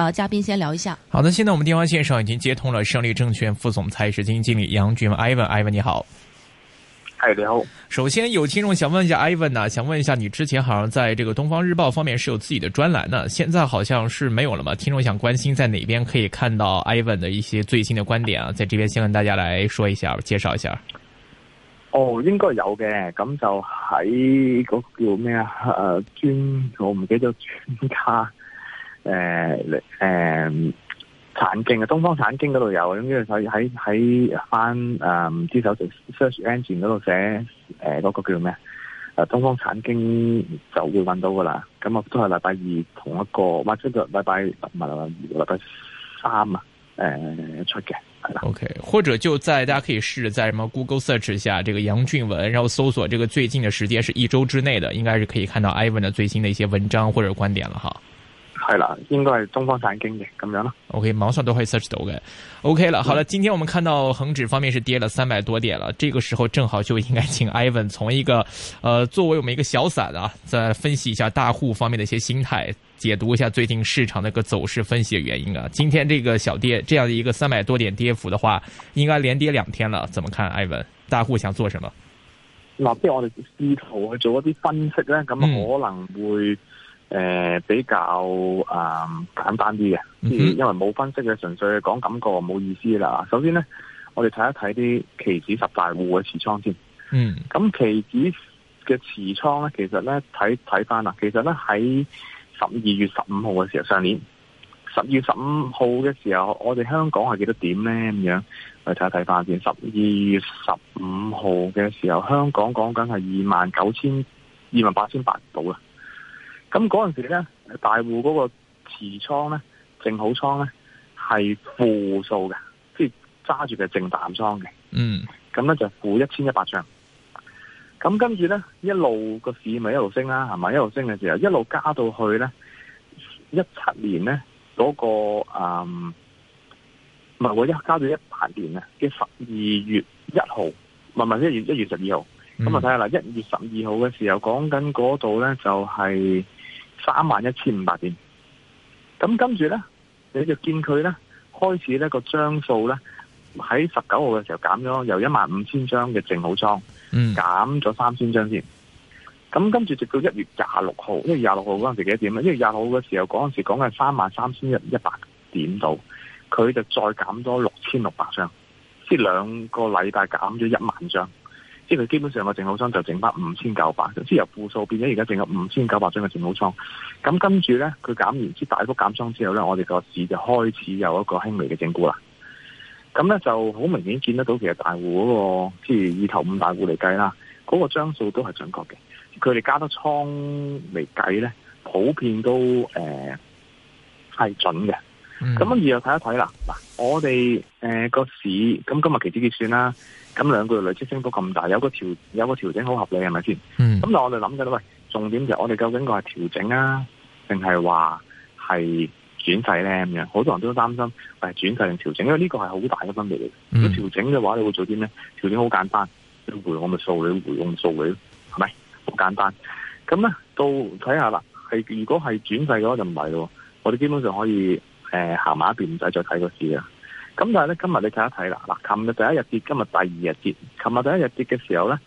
呃，嘉賓先聊一下。好的，現在我們電話線上已經接通了勝利證券副總裁、也是基金經理楊俊文 Ivan，Ivan Ivan，你好。嗨、hey，你好。首先有聽眾想問一下 Ivan、啊、想問一下你之前好像在這個《東方日報》方面是有自己的專欄呢？現在好像是沒有了嘛？聽眾想關心在哪邊可以看到 Ivan 的一些最新的觀點啊，在這邊先跟大家來說一下，介紹一下。哦、oh，應該有嘅，咁就喺個叫咩啊？呃，專我唔記得專卡。誒、呃，誒，產經啊，東方產經嗰度有，咁總之喺喺喺翻誒唔知搜索 search engine 嗰度寫，誒嗰個叫咩？誒，東方產經、嗯呃那個、經就會揾到噶啦。咁啊，都係禮拜二同一個，或者唔係禮拜二、禮拜三啊，誒、呃、出嘅係啦。Okay，或者就在大家可以試在什麼 Google search 下，這個楊俊文，然後搜索這個最近嘅時間是一周之內的，應該是可以看到 Ivan 的最新的一些文章或者觀點啦，哈。係啦，應該係東方產經嘅咁樣咯。O K，網上都可以 search 到嘅。O K 啦，好了，嗯，今天我們看到恒指方面是跌了三百多點了，這個時候正好就應該請 Ivan 從一個，呃，作為我們一個小散啊，再分析一下大戶方面的一些心態，解讀一下最近市場嘅一個走勢分析的原因啊。今天這個小跌，這樣的一個三百多點跌幅的話，應該連跌兩天了，怎麼看？Ivan，大戶想做什麼？嗱、嗯，即係我哋試圖去做一啲分析咧，咁可能會。誒、呃，比較誒、呃、簡單啲嘅，mm-hmm. 因為冇分析嘅，純粹講感覺冇意思啦。首先呢，我哋睇一睇啲期指十大戶嘅持倉先。嗯，咁期指嘅持倉呢，其實呢，睇睇翻啦。其實呢，喺十二月十五號嘅時候，上年十二月十五號嘅時候，我哋香港係幾多點呢？咁樣，我哋睇一睇翻先。十二月十五號嘅時候，香港講緊係二萬九千二萬八千八度啦。咁嗰陣時咧，大戶嗰個持倉咧，淨好倉咧係負數嘅，即係揸住嘅淨淡倉嘅。嗯，咁咧就負一千一百張。咁跟住咧，一路個市咪一路升啦，係咪一路升嘅時候，一路加到去咧，一七年咧嗰個誒，唔係我一加到一八年啊，嘅十二月一號，唔係唔係一月一月十二號，咁啊睇下啦，一月十二號嘅時候，講緊嗰度咧就係。三萬一千五百點，咁跟住呢，你就見佢呢開始呢個張數呢，喺十九號嘅時候減咗，由一萬五千張嘅淨好倉，減咗三千張先。咁跟住直到一月廿六號，一月廿六號嗰陣時幾點咧？一月廿六號嘅時候嗰陣時講緊三萬三千一一百點度，佢就再減咗六千六百張，即係兩個禮拜減咗一萬張。即係基本上個淨好倉就整翻五千九百，即係由負數變咗而家淨有五千九百張嘅淨好倉。咁跟住咧，佢減完之大幅減倉之後咧，我哋個市就開始有一個輕微嘅整固啦。咁咧就好明顯見得到，其實大戶嗰個即係以頭五大戶嚟計啦，嗰個張數都係準確嘅。佢哋加多倉嚟計咧，普遍都誒係、呃、準嘅。咁、嗯、二又睇一睇啦，嗱，我哋誒個市，咁今日期指結算啦，咁兩個月累積升幅咁大，有個調有個調整好合理係咪先？咁、嗯、但我哋諗嘅咧，喂，重點就係我哋究竟個係調整啊，定係話係轉勢咧咁樣？好多人都擔心喂，轉勢定調整，因為呢個係好大嘅分別嚟嘅。如果調、嗯、整嘅話，你會做啲咩？調整好簡單，你會回我咪數，你會回，我咪數，你咯，係咪好簡單？咁、嗯、咧到睇下啦，係如果係轉勢嘅話就唔係喎。我哋基本上可以。誒、呃，行埋一邊唔使再睇個市啦。咁但係咧，今日你睇一睇啦。嗱，琴日第一日跌，今日第二日跌。琴日第一日跌嘅時候咧，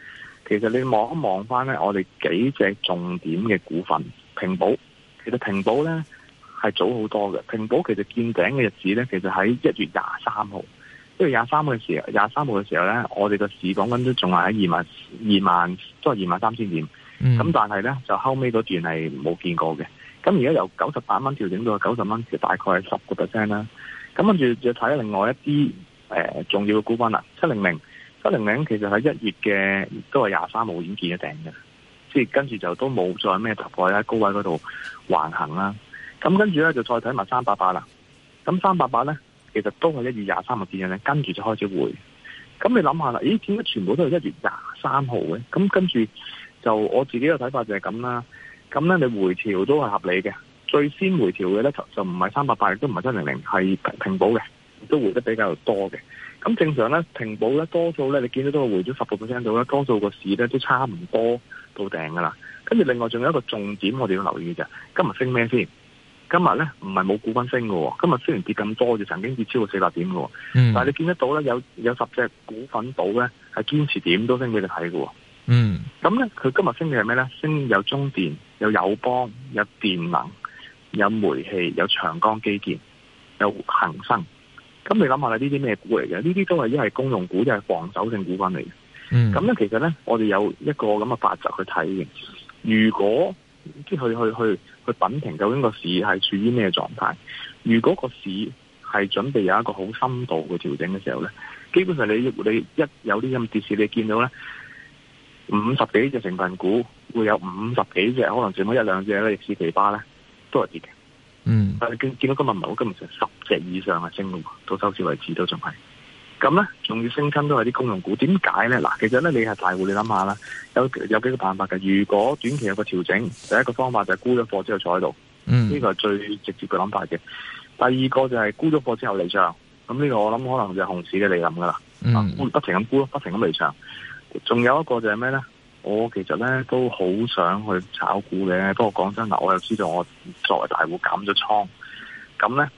其實你望一望翻咧，我哋幾隻重點嘅股份，平保，其實平保咧係早好多嘅。平保其實見頂嘅日子咧，其實喺一月廿三號。因為廿三號嘅時候，廿三號嘅時候咧，我哋個市講緊都仲係喺二萬二萬，都係二萬三千點。咁、嗯、但係咧，就後尾嗰段係冇見過嘅。咁而家由九十八蚊調整到九十蚊，其實大概係十個 percent 啦。咁跟住就睇另外一啲誒、呃、重要嘅股份啦，七零零、七零零其實喺一月嘅都係廿三號已經見咗頂嘅，即係跟住就都冇再咩突破啦，高位嗰度橫行啦。咁跟住咧就再睇埋三百八啦。咁三百八咧其實都係一月廿三號見咗，跟住就開始回。咁你諗下啦，咦？點解全部都係一月廿三號嘅？咁跟住就我自己嘅睇法就係咁啦。咁咧，你回調都係合理嘅。最先回調嘅咧，就唔係三百八，亦都唔係七零零，係平保嘅，都回得比較多嘅。咁正常咧，平保咧，多數咧，你見到都係回咗十個 percent 到呢，多數個市咧都差唔多到頂噶啦。跟住另外仲有一個重點，我哋要留意嘅。今日升咩先？今日咧唔係冇股份升喎。今日雖然跌咁多，就曾經跌超過四百點㗎喎。但係你見得到咧，有有十隻股份到咧，係堅持點都升俾你睇㗎。嗯。咁咧，佢今日升嘅係咩咧？升有中電、有友邦、有電能、有煤氣、有長江基建、有恒生。咁你諗下啦，呢啲咩股嚟嘅？呢啲都係一係公用股，一係防守性股份嚟嘅。嗯。咁咧，其實咧，我哋有一個咁嘅法則去睇嘅。如果即係去去去去，去品評究竟個市係處於咩狀態？如果個市係準備有一個好深度嘅調整嘅時候咧，基本上你你一有啲咁跌市，你就見到咧。五十幾隻成分股會有五十幾隻，可能剩翻一兩隻歷史地巴咧，都係跌嘅。嗯，但你見見到今日唔係好，今日成十隻以上係升嘅，到收市為止都仲係。咁咧，仲要升親都係啲公用股。點解咧？嗱，其實咧，你係大戶，你諗下啦，有有幾個辦法嘅。如果短期有個調整，第一個方法就係沽咗貨之後坐喺度，呢個係最直接嘅諗法嘅。第二個就係沽咗貨之後離場，咁呢個我諗可能就係熊市嘅理念噶啦，不停咁沽咯，不停咁離場。仲有一個就係咩咧？我其實咧都好想去炒股嘅，不過講真嗱，我又知道我作為大戶減咗倉，咁咧，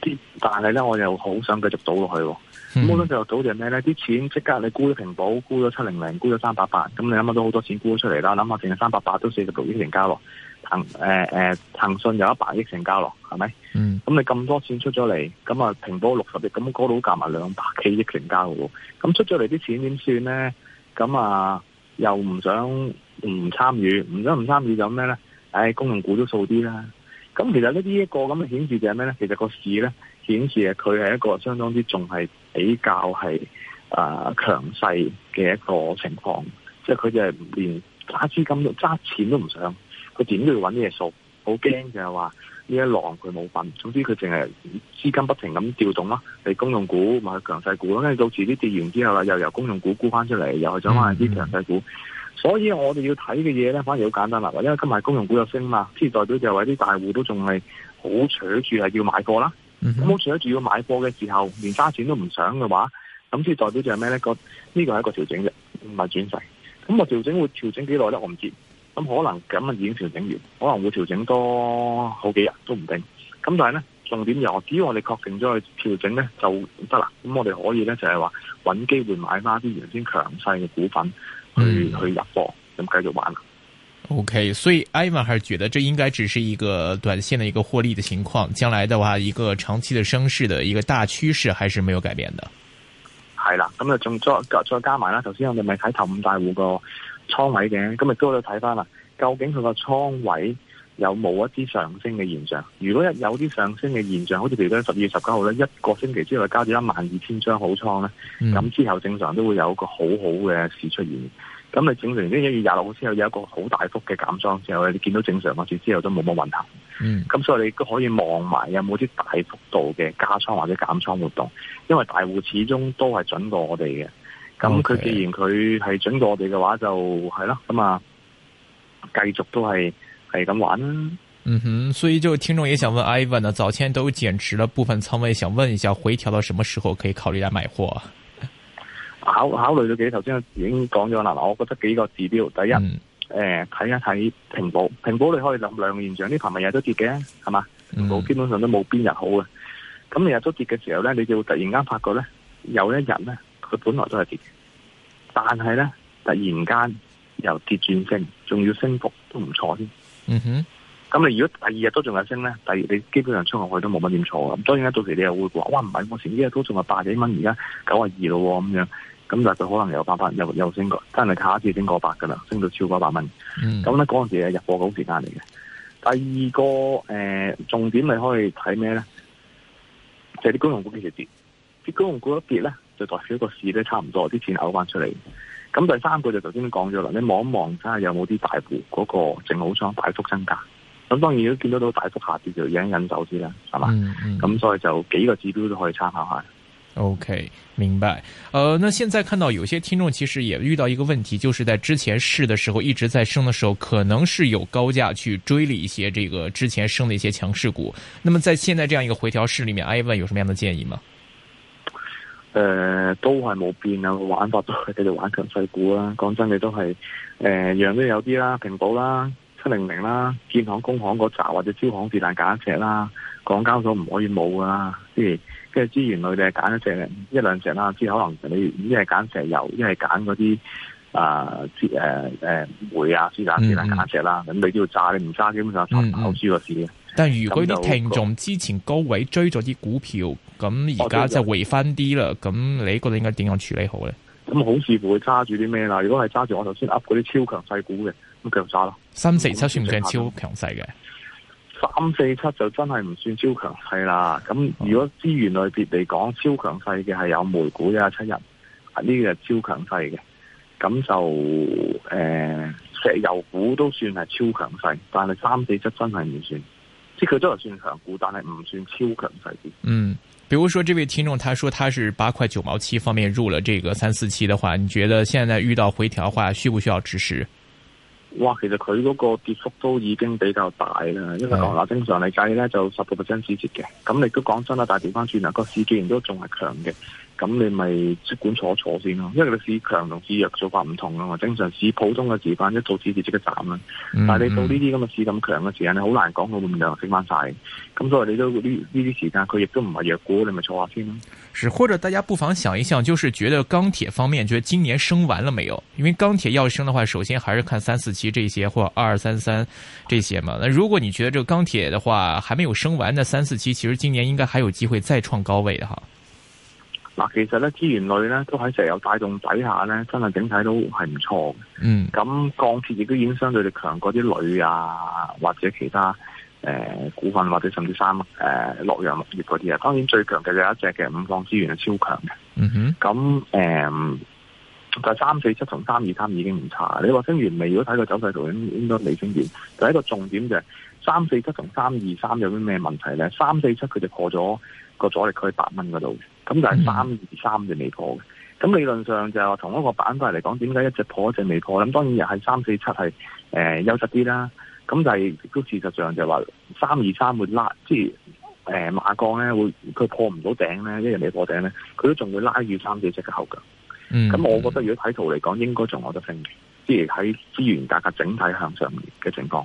啲但係咧我又好想繼續賭落去。冇得繼續賭就係咩咧？啲錢即刻你沽咗平保，沽咗七零零，沽咗三百八，咁你諗下都好多錢沽咗出嚟啦，諗下淨係三百八都四十六億成交咯，騰誒誒、呃、騰訊有一百億成交咯，係咪？嗯。咁你咁多錢出咗嚟，咁啊平保六十億，咁嗰度夾埋兩百幾億成交嘅喎，咁出咗嚟啲錢點算咧？咁、嗯、啊，又唔想唔參與，唔想唔參與就咩咧？唉、哎，公用股都掃啲啦。咁、嗯、其實呢啲一個咁嘅顯示就係咩咧？其實個市咧顯示係佢係一個相當之仲係比較係啊、呃、強勢嘅一個情況，即係佢就係連揸資金都揸錢都唔想，佢點都要揾啲嘢掃，好驚就係話。呢一浪佢冇份，總之佢淨係資金不停咁調動咯，係公用股買強勢股咯，跟住到時啲跌完之後啦，又由公用股沽翻出嚟，又再買啲強勢股。所以我哋要睇嘅嘢咧，反而好簡單啦。因為今日公用股又升嘛，即係代表就係話啲大戶都仲係好搶住係要買貨啦。咁好搶住要買貨嘅時候，連揸錢都唔想嘅話，咁即係代表就係咩咧？個呢個係一個調整啫，唔係轉勢。咁我調整會調整幾耐咧？我唔知。咁可能咁啊，已經調整完，可能會調整多好幾日都唔定。咁但係咧，重點又只要我哋確定咗去調整咧就得啦。咁我哋可以咧就係話搵機會買翻啲原先強勢嘅股份去去入貨，咁、嗯、繼續玩。OK，所以艾文還是覺得，這應該只是一個短線的一個獲利的情況，將來的話一個長期的升勢的一個大趨勢還是沒有改變的。係啦，咁啊，仲再再加埋啦，頭先我哋咪睇頭五大戶個倉位嘅，今日都喺度睇翻啦。究竟佢個倉位有冇一啲上升嘅現象？如果有有啲上升嘅現象，好似譬如講十二月十九號咧，一個星期之後加咗一萬二千張好倉咧，咁、嗯、之後正常都會有一個好好嘅市出現。咁你正常你一月廿六號之後有一個好大幅嘅減倉之後，你見到正常嘅市之後都冇乜運行。咁、嗯、所以你都可以望埋有冇啲大幅度嘅加倉或者減倉活動，因為大戶始終都係準過我哋嘅。咁佢既然佢係準過我哋嘅話就，就係啦咁啊，繼續都係係咁玩。嗯哼，所以就聽眾也想問 Ivan 啊，早前都減持咗部分倉位，想問一下回調到什麼時候可以考慮嚟買貨？考考慮咗幾頭先已經講咗啦，嗱，我覺得幾個指標，第一，誒睇一睇平保，平保你可以諗兩個現象，呢排咪日都跌嘅係嘛，平保基本上都冇邊日好嘅，咁你日都跌嘅時候咧，你就會突然間發覺咧，有一日咧。佢本來都係跌，但係咧突然間由跌轉升，仲要升幅都唔錯添。嗯哼，咁你如果第二日都仲有升咧，第二你基本上衝落去都冇乜點錯。咁當然咧，早期你又會話，哇，唔係，我前幾日都仲係百幾蚊，而家九啊二咯咁樣。咁就佢可能有翻百又又，又升過，真係卡次升過百噶啦，升到超過一百蚊。咁咧嗰陣時係入貨股時間嚟嘅。第二個誒、呃，重點你可以睇咩咧？就啲、是、公用股繼續跌，啲公用股，股一跌咧。就代表個市都差唔多啲錢嘔翻出嚟，咁第三個就頭先都講咗啦，你望一望睇下有冇啲大戶嗰個淨好倉大幅增加，咁當然都果見得到大幅下跌就忍一忍走先啦，係嘛，咁、嗯嗯、所以就幾個指標都可以參考下。O、okay, K，明白。誒、呃，那現在看到有些聽眾其實也遇到一個問題，就是在之前市嘅時候一直在升嘅時候，可能是有高價去追了一些這個之前升的一些強勢股，那麼在現在這樣一個回調市裏面，艾、啊、問有什麼樣的建議嗎？誒、呃，都係冇變啊，玩法都係繼續玩強勢股啦。講真，都呃、你都係誒，樣都有啲啦，平保啦、七零零啦、建行、工行嗰紮，或者招行、鐵蛋揀一隻啦。港交所唔可以冇噶啦，即係即係資源類嘅，揀一隻，一兩隻啦。之後可能你一係揀石油，一係揀嗰啲啊，誒誒煤啊，鐵蛋、鐵蛋揀一隻啦。咁你都要揸，你唔揸基本上炒大口豬個市。但係如果啲聽眾之前高位追咗啲股票，咁而家就回翻啲啦，咁你覺得應該點樣處理好咧？咁好似乎會揸住啲咩啦？如果係揸住我頭先噏嗰啲超強勢股嘅，咁繼續揸咯。三四七算唔算超強勢嘅？三四七就真係唔算超強勢啦。咁如果資源類別嚟講，超強勢嘅係有煤股一七日，呢個超強勢嘅。咁就誒、呃、石油股都算係超強勢，但係三四七真係唔算。即係佢都係算強股，但係唔算超強勢啲。嗯。比如說這位聽眾他說他是八塊九毛七，方面入了這個三四七的話，你覺得現在遇到回調的話，需不需要止蝕？哇，其實佢嗰個跌幅都已經比較大啦，因為嗱正常嚟計咧就十%止蝕嘅，咁你都講真啦，但係調翻轉啊，個市既然都仲係強嘅。咁你咪即管坐一坐先咯、啊，因為個市強同市弱做法唔同啊嘛，正常市普通嘅時間一做市就即刻斬啊。但係你到呢啲咁嘅市咁強嘅時間，你好難講佢會唔會又升翻晒。咁所以你都呢呢啲時間佢亦都唔係弱股，你咪坐下先咯、啊。是或者大家不妨想一想，就是覺得鋼鐵方面，覺得今年升完了沒有？因為鋼鐵要升的話，首先還是看三四七這些或二二三三這些嘛。那如果你覺得這個鋼鐵的話還沒有升完，那三四七其實今年應該還有機會再創高位的哈。嗱，其實咧資源類咧都喺石油帶動底下咧，真係整體都係唔錯嘅。嗯，咁鋼鐵亦都已經相對地強過啲鋁啊，或者其他誒、呃、股份或者甚至三誒、呃、洛陽物業嗰啲啊。當然最強嘅有一隻嘅五礦資源係超強嘅。嗯哼，咁誒、呃、就三四七同三二三已經唔差。你話升完未？如果睇佢走勢圖，應該未升完。就係一個重點就係、是。三四七同三二三有啲咩問題咧？三四七佢就破咗個阻力區八蚊嗰度，咁就係三二三就未破嘅。咁理論上就係話同一個板塊嚟講，點解一隻破一隻未破？咁當然又係三四七係誒優質啲啦。咁但係亦都事實上就話三二三會拉，即係誒、呃、馬鋼咧會佢破唔到頂咧，一日未破頂咧，佢都仲會拉住三四七嘅後腳。咁、嗯嗯、我覺得如果睇圖嚟講，應該仲有得升，即係喺資源價格，格整體向上嘅情況。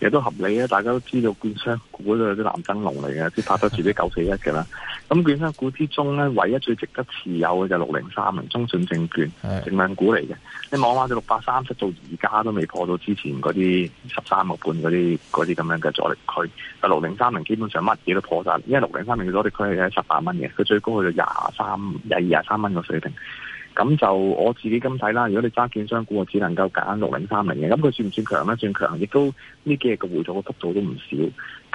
亦都合理啊！大家都知道券商股都有啲藍燈籠嚟嘅，即拍咗自己九四一嘅啦。咁 券商股之中咧，唯一最值得持有嘅就六零三零中信證券，成 份股嚟嘅。你望下，就六百三十到而家都未破到之前嗰啲十三個半嗰啲啲咁樣嘅阻力區。啊，六零三零基本上乜嘢都破晒，因為六零三零嘅阻力區係喺十八蚊嘅，佢最高去到廿三、廿二、廿三蚊嘅水平。咁就我自己咁睇啦，如果你揸券商股，我只能夠揀六零三零嘅，咁佢算唔算強呢？算強，亦都呢幾日嘅回吐嘅幅度都唔少。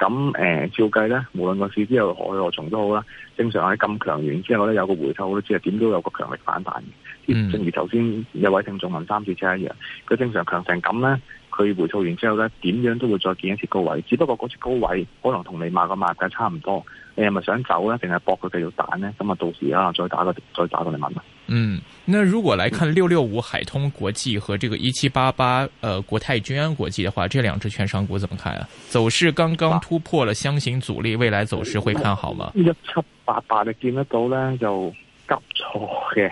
咁誒、呃、照計咧，無論個市之後何去何從都好啦，正常喺咁強完之後咧，有個回吐，我都知道點都有個強力反彈、嗯、正如頭先有位聽眾問三次車一樣，佢正常強成咁咧。佢回吐完之後咧，點樣都會再見一次高位，只不過嗰次高位可能同你買個買價差唔多。你係咪想走咧，定係搏佢繼續彈咧？咁啊，到時啊再打個再打個嚟問啦。嗯，那如果嚟看六六五海通國際和這個一七八八，呃，國泰君安國際的話，這兩隻券商股怎麼看啊？走勢剛剛突破了箱型阻力，未來走勢會看好嗎？一，嗯，一七八八你見得到咧，就急挫嘅。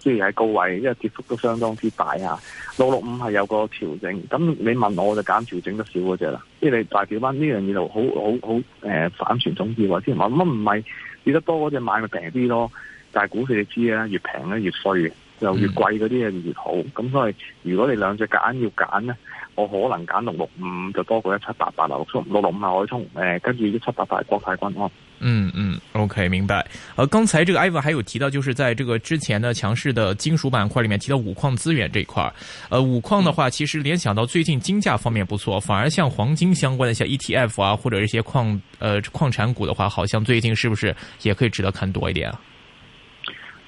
雖然係高位，因為跌幅都相當之大啊！六六五係有個調整，咁你問我，我就揀調整得少嗰隻啦。即係你大表翻呢樣嘢就好好好誒反傳統啲喎，之前我諗唔係跌得多嗰隻買咪平啲咯。但係股市你知啦，越平咧越衰嘅，就越貴嗰啲嘢越好。咁所以如果你兩隻揀要揀咧。我可能揀六六五就多過一七八八啊，六六五啊，我會沖誒，跟住一七八八係國泰君安、哦嗯。嗯嗯，OK，明白。而、呃、剛才這個 Ivan 還有提到，就是在這個之前的強勢的金屬板塊裏面提到五礦資源這一塊。呃五礦的話，其實聯想到最近金價方面不錯，嗯，反而像黃金相關的，像 ETF 啊，或者一些礦，呃礦產股的話，好像最近是不是也可以值得看多一點啊？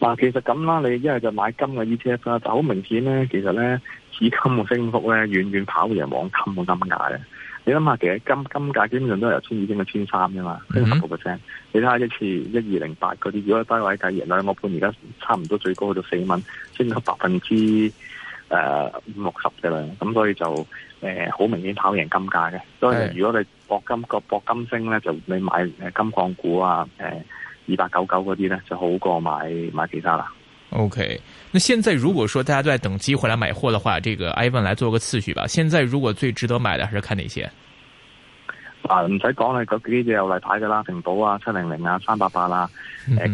嗱，其實咁啦，你一係就買金嘅 ETF 啦，就好明顯咧，其實咧。以金嘅升幅咧，遠遠跑贏黃金嘅金價咧。你諗下，其實金金價基本上都係由千二升到千三啫嘛，升十個 percent。你睇下一次一二零八嗰啲，如果低位計贏兩個半，而家差唔多最高去到四蚊，升到百分之誒五六十嘅啦。咁、呃、所以就誒好、呃、明顯跑贏金價嘅。所以如果你博金個博金升咧，就你買誒金礦股啊，誒二百九九嗰啲咧，就好過買買其他啦。O K。那現在如果說大家都在等機會來買貨的話，這個 Ivan 來做個次序吧。現在如果最值得買的還是看哪些？啊，唔使講啦，嗰幾隻有例牌噶啦，平保啊、七零零啊、三八八啦，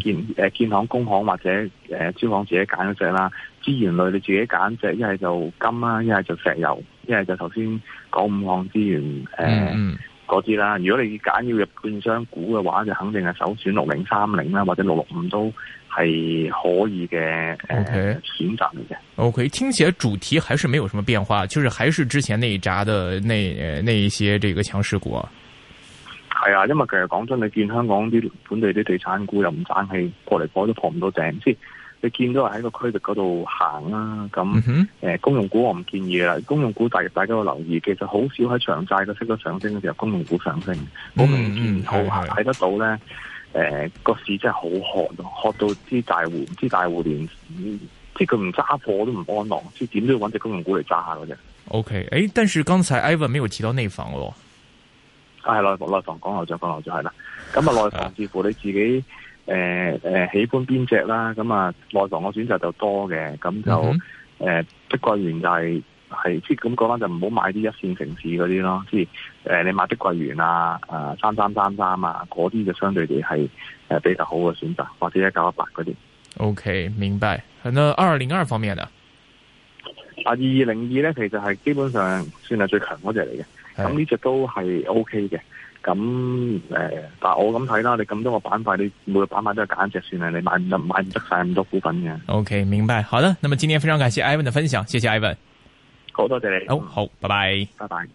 建、呃、建行、工行或者誒招行自己揀一隻啦，資源類你自己揀隻，一係就金啦、啊，一係就石油，一係就頭先講五項資源誒。呃嗯嗰啲啦，如果你揀要入券商股嘅話，就肯定係首選六零三零啦，或者六六五都係可以嘅誒選擇嚟嘅。OK，聽起來主題還是沒有什麼變化，就是還是之前那一紮的那那一些這個強勢股。係啊，因為其實講真，你見香港啲本地啲地產股又唔爭氣，過嚟過都破唔到頂先。你見到喺個區域嗰度行啦、啊，咁、嗯呃、公用股我唔建議啦。公用股大，大家要留意，其實好少喺長債嘅息都上升嘅時候，公用股上升，好唔好睇得到咧。個、呃、市真係好渴，渴到啲大戶、知大戶連，即係佢唔揸貨都唔安樂，即係點都要搵隻公用股嚟揸下嘅啫。OK，哎，但是剛才 Ivan 沒有提到內房喎。係、啊、內房，內房講牛就講牛就係啦。咁啊，內房似乎你自己。誒、呃、誒，喜歡邊隻啦？咁啊，內房嘅選擇就多嘅，咁就誒碧、嗯呃、桂園就係、是、係，咁嗰班就唔好買啲一,一線城市嗰啲咯，即係誒你買碧桂園啊，啊三三三三啊，嗰啲就相對地係誒比較好嘅選擇，或者一九一八嗰啲。OK，明白。咁啊，二零二方面咧，啊二二零二咧，其實係基本上算係最強嗰隻嚟嘅，咁呢隻都係 OK 嘅。咁誒、呃，但係我咁睇啦，你咁多個板塊，你每個板塊都係揀一隻算啦，你買唔得，買唔得晒咁多股份嘅。O、okay, K，明白，好啦，那麼今天非常感謝 Ivan 的分享，謝謝 Ivan，好多謝你。好、oh, 好，拜拜，拜拜。